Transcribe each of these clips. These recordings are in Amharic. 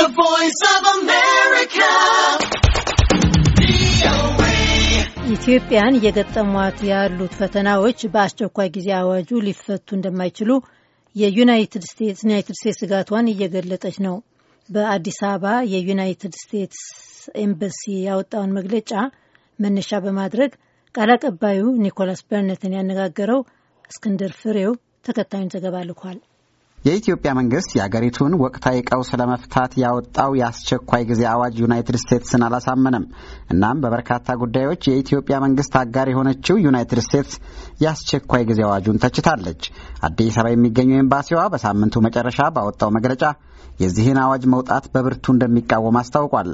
The Voice of America. ኢትዮጵያን እየገጠሟት ያሉት ፈተናዎች በአስቸኳይ ጊዜ አዋጁ ሊፈቱ እንደማይችሉ የዩናይትድ ስቴትስ ዩናይትድ ስቴትስ ስጋቷን እየገለጠች ነው። በአዲስ አበባ የዩናይትድ ስቴትስ ኤምበሲ ያወጣውን መግለጫ መነሻ በማድረግ ቃል አቀባዩ ኒኮላስ በርነትን ያነጋገረው እስክንድር ፍሬው ተከታዩን ዘገባ ልኳል። የኢትዮጵያ መንግስት የአገሪቱን ወቅታዊ ቀውስ ለመፍታት ያወጣው የአስቸኳይ ጊዜ አዋጅ ዩናይትድ ስቴትስን አላሳመነም። እናም በበርካታ ጉዳዮች የኢትዮጵያ መንግስት አጋር የሆነችው ዩናይትድ ስቴትስ የአስቸኳይ ጊዜ አዋጁን ተችታለች። አዲስ አበባ የሚገኘው ኤምባሲዋ በሳምንቱ መጨረሻ ባወጣው መግለጫ የዚህን አዋጅ መውጣት በብርቱ እንደሚቃወም አስታውቋል።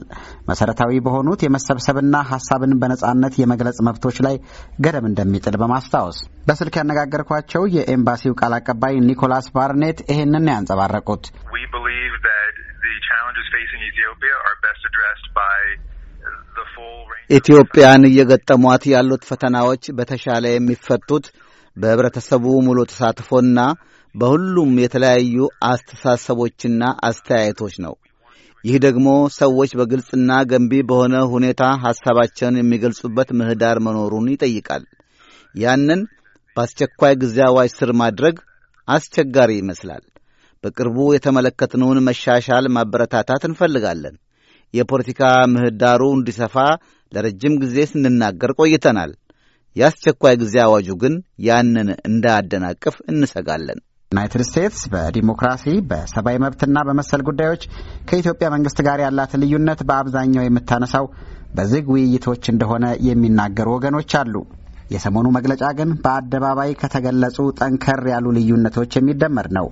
መሰረታዊ በሆኑት የመሰብሰብና ሀሳብን በነጻነት የመግለጽ መብቶች ላይ ገደብ እንደሚጥል በማስታወስ በስልክ ያነጋገርኳቸው የኤምባሲው ቃል አቀባይ ኒኮላስ ባርኔት ይህንን ያንጸባረቁት። ኢትዮጵያን እየገጠሟት ያሉት ፈተናዎች በተሻለ የሚፈቱት በህብረተሰቡ ሙሉ ተሳትፎና በሁሉም የተለያዩ አስተሳሰቦችና አስተያየቶች ነው። ይህ ደግሞ ሰዎች በግልጽና ገንቢ በሆነ ሁኔታ ሐሳባቸውን የሚገልጹበት ምህዳር መኖሩን ይጠይቃል። ያንን በአስቸኳይ ጊዜ አዋጅ ስር ማድረግ አስቸጋሪ ይመስላል። በቅርቡ የተመለከትነውን መሻሻል ማበረታታት እንፈልጋለን። የፖለቲካ ምህዳሩ እንዲሰፋ ለረጅም ጊዜ ስንናገር ቆይተናል። የአስቸኳይ ጊዜ አዋጁ ግን ያንን እንዳያደናቅፍ እንሰጋለን። ዩናይትድ ስቴትስ በዲሞክራሲ በሰብአዊ መብትና በመሰል ጉዳዮች ከኢትዮጵያ መንግስት ጋር ያላትን ልዩነት በአብዛኛው የምታነሳው በዝግ ውይይቶች እንደሆነ የሚናገሩ ወገኖች አሉ። የሰሞኑ መግለጫ ግን በአደባባይ ከተገለጹ ጠንከር ያሉ ልዩነቶች የሚደመር ነው።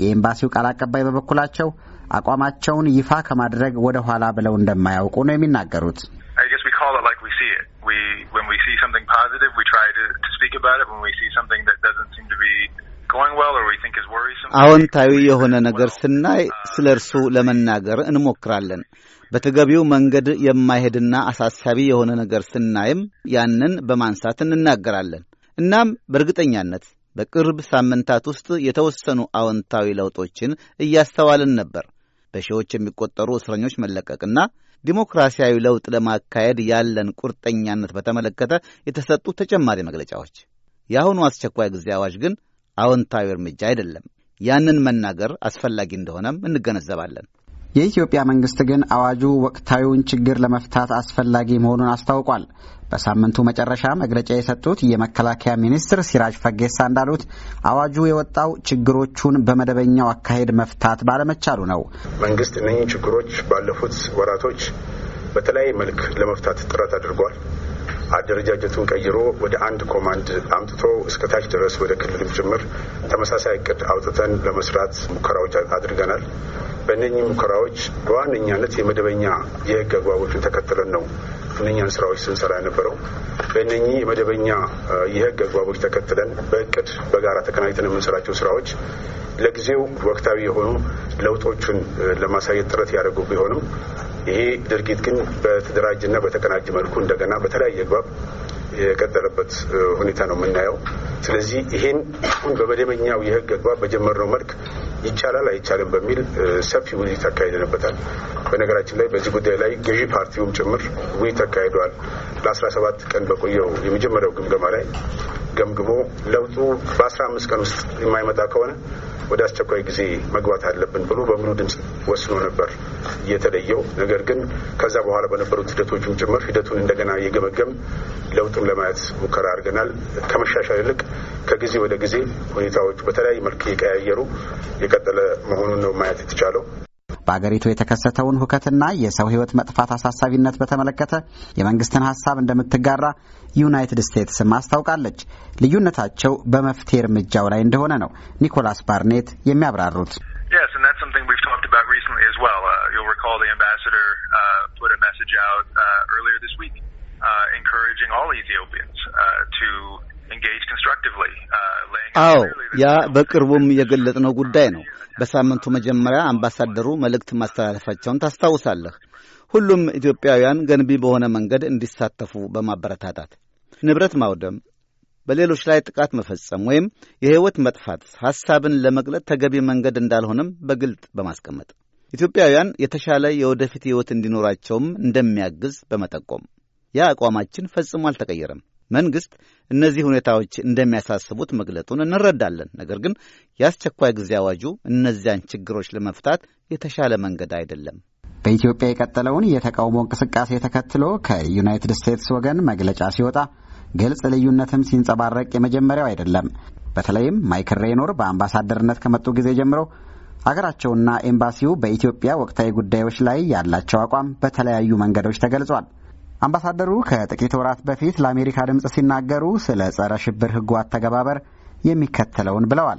የኤምባሲው ቃል አቀባይ በበኩላቸው አቋማቸውን ይፋ ከማድረግ ወደ ኋላ ብለው እንደማያውቁ ነው የሚናገሩት። አዎንታዊ የሆነ ነገር ስናይ ስለ እርሱ ለመናገር እንሞክራለን። በተገቢው መንገድ የማይሄድና አሳሳቢ የሆነ ነገር ስናይም ያንን በማንሳት እንናገራለን። እናም በእርግጠኛነት በቅርብ ሳምንታት ውስጥ የተወሰኑ አዎንታዊ ለውጦችን እያስተዋልን ነበር። በሺዎች የሚቆጠሩ እስረኞች መለቀቅና ዲሞክራሲያዊ ለውጥ ለማካሄድ ያለን ቁርጠኛነት በተመለከተ የተሰጡ ተጨማሪ መግለጫዎች። የአሁኑ አስቸኳይ ጊዜ አዋጅ ግን አዎንታዊ እርምጃ አይደለም። ያንን መናገር አስፈላጊ እንደሆነም እንገነዘባለን። የኢትዮጵያ መንግስት ግን አዋጁ ወቅታዊውን ችግር ለመፍታት አስፈላጊ መሆኑን አስታውቋል። በሳምንቱ መጨረሻ መግለጫ የሰጡት የመከላከያ ሚኒስትር ሲራጅ ፈጌሳ እንዳሉት አዋጁ የወጣው ችግሮቹን በመደበኛው አካሄድ መፍታት ባለመቻሉ ነው። መንግስት እነኚህ ችግሮች ባለፉት ወራቶች በተለያየ መልክ ለመፍታት ጥረት አድርጓል። አደረጃጀቱን ቀይሮ ወደ አንድ ኮማንድ አምጥቶ እስከታች ድረስ ወደ ክልልም ጭምር ተመሳሳይ እቅድ አውጥተን ለመስራት ሙከራዎች አድርገናል። በእነኚህ ሙከራዎች በዋነኛነት የመደበኛ የህግ አግባቦችን ተከትለን ነው እነኛን ስራዎች ስንሰራ የነበረው በእነኚህ የመደበኛ የህግ አግባቦች ተከትለን በእቅድ በጋራ ተቀናጅተን የምንሰራቸው ስራዎች ለጊዜው ወቅታዊ የሆኑ ለውጦቹን ለማሳየት ጥረት ያደርጉ ቢሆንም ይሄ ድርጊት ግን በተደራጀና በተቀናጀ መልኩ እንደገና በተለያየ አግባብ የቀጠለበት ሁኔታ ነው የምናየው። ስለዚህ ይሄን በመደበኛው የህግ አግባብ በጀመርነው መልክ ይቻላል አይቻልም በሚል ሰፊ ውይይት አካሄደንበታል። በነገራችን ላይ በዚህ ጉዳይ ላይ ገዢ ፓርቲውም ጭምር ውይይት አካሂደዋል። ለ17 ቀን በቆየው የመጀመሪያው ግምገማ ላይ ገምግሞ ለውጡ በ15 ቀን ውስጥ የማይመጣ ከሆነ ወደ አስቸኳይ ጊዜ መግባት አለብን ብሎ በሙሉ ድምፅ ወስኖ ነበር። የተለየው። ነገር ግን ከዛ በኋላ በነበሩት ሂደቶችም ጭምር ሂደቱን እንደገና እየገመገም ለውጡን ለማየት ሙከራ አድርገናል። ከመሻሻል ይልቅ ከጊዜ ወደ ጊዜ ሁኔታዎች በተለያየ መልክ እየቀያየሩ የቀጠለ መሆኑን ነው ማየት የተቻለው። በአገሪቱ የተከሰተውን ሁከትና የሰው ሕይወት መጥፋት አሳሳቢነት በተመለከተ የመንግስትን ሀሳብ እንደምትጋራ ዩናይትድ ስቴትስ አስታውቃለች። ልዩነታቸው በመፍትሄ እርምጃው ላይ እንደሆነ ነው ኒኮላስ ባርኔት የሚያብራሩት። recently as well. Uh, you'll recall the ambassador uh, put a message out uh, earlier this week uh, encouraging all Ethiopians uh, to engage constructively. Uh, አዎ ያ በቅርቡም የገለጽነው ጉዳይ ነው። በሳምንቱ መጀመሪያ አምባሳደሩ መልእክት ማስተላለፋቸውን ታስታውሳለህ። ሁሉም ኢትዮጵያውያን ገንቢ በሆነ መንገድ እንዲሳተፉ በማበረታታት ንብረት ማውደም በሌሎች ላይ ጥቃት መፈጸም ወይም የሕይወት መጥፋት ሐሳብን ለመግለጥ ተገቢ መንገድ እንዳልሆነም በግልጥ በማስቀመጥ ኢትዮጵያውያን የተሻለ የወደፊት ሕይወት እንዲኖራቸውም እንደሚያግዝ በመጠቆም ያ አቋማችን ፈጽሞ አልተቀየረም። መንግሥት እነዚህ ሁኔታዎች እንደሚያሳስቡት መግለጡን እንረዳለን። ነገር ግን የአስቸኳይ ጊዜ አዋጁ እነዚያን ችግሮች ለመፍታት የተሻለ መንገድ አይደለም። በኢትዮጵያ የቀጠለውን የተቃውሞ እንቅስቃሴ ተከትሎ ከዩናይትድ ስቴትስ ወገን መግለጫ ሲወጣ ግልጽ ልዩነትም ሲንጸባረቅ የመጀመሪያው አይደለም። በተለይም ማይክል ሬኖር በአምባሳደርነት ከመጡ ጊዜ ጀምሮ አገራቸውና ኤምባሲው በኢትዮጵያ ወቅታዊ ጉዳዮች ላይ ያላቸው አቋም በተለያዩ መንገዶች ተገልጿል። አምባሳደሩ ከጥቂት ወራት በፊት ለአሜሪካ ድምፅ ሲናገሩ ስለ ጸረ ሽብር ሕጉ አተገባበር የሚከተለውን ብለዋል።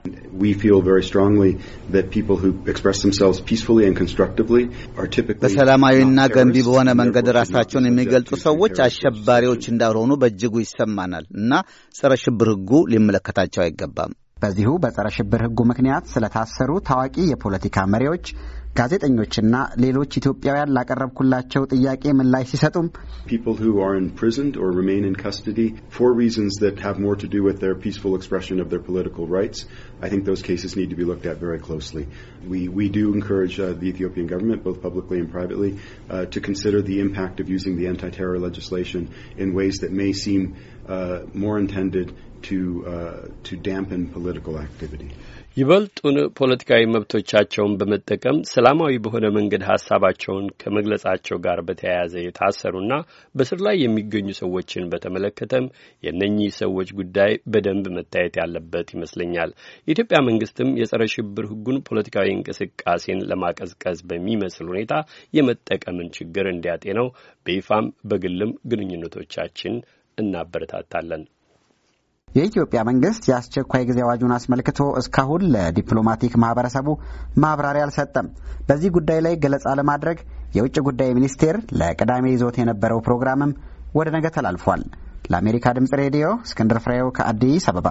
በሰላማዊና ገንቢ በሆነ መንገድ ራሳቸውን የሚገልጹ ሰዎች አሸባሪዎች እንዳልሆኑ በእጅጉ ይሰማናል እና ጸረ ሽብር ሕጉ ሊመለከታቸው አይገባም። በዚሁ በጸረ ሽብር ህጉ ምክንያት ስለታሰሩ ታዋቂ የፖለቲካ መሪዎች People who are imprisoned or remain in custody for reasons that have more to do with their peaceful expression of their political rights, I think those cases need to be looked at very closely. We, we do encourage uh, the Ethiopian government, both publicly and privately, uh, to consider the impact of using the anti terror legislation in ways that may seem uh, more intended to, to dampen political activity. ይበልጡን ፖለቲካዊ መብቶቻቸውን በመጠቀም ሰላማዊ በሆነ መንገድ ሀሳባቸውን ከመግለጻቸው ጋር በተያያዘ የታሰሩና በስር ላይ የሚገኙ ሰዎችን በተመለከተም የእነኚህ ሰዎች ጉዳይ በደንብ መታየት ያለበት ይመስለኛል። የኢትዮጵያ መንግስትም የጸረ ሽብር ህጉን ፖለቲካዊ እንቅስቃሴን ለማቀዝቀዝ በሚመስል ሁኔታ የመጠቀምን ችግር እንዲያጤነው በይፋም በግልም ግንኙነቶቻችን እናበረታታለን። የኢትዮጵያ መንግስት የአስቸኳይ ጊዜ አዋጁን አስመልክቶ እስካሁን ለዲፕሎማቲክ ማህበረሰቡ ማብራሪያ አልሰጠም። በዚህ ጉዳይ ላይ ገለጻ ለማድረግ የውጭ ጉዳይ ሚኒስቴር ለቅዳሜ ይዞት የነበረው ፕሮግራምም ወደ ነገ ተላልፏል። ለአሜሪካ ድምጽ ሬዲዮ እስክንድር ፍሬው ከአዲስ አበባ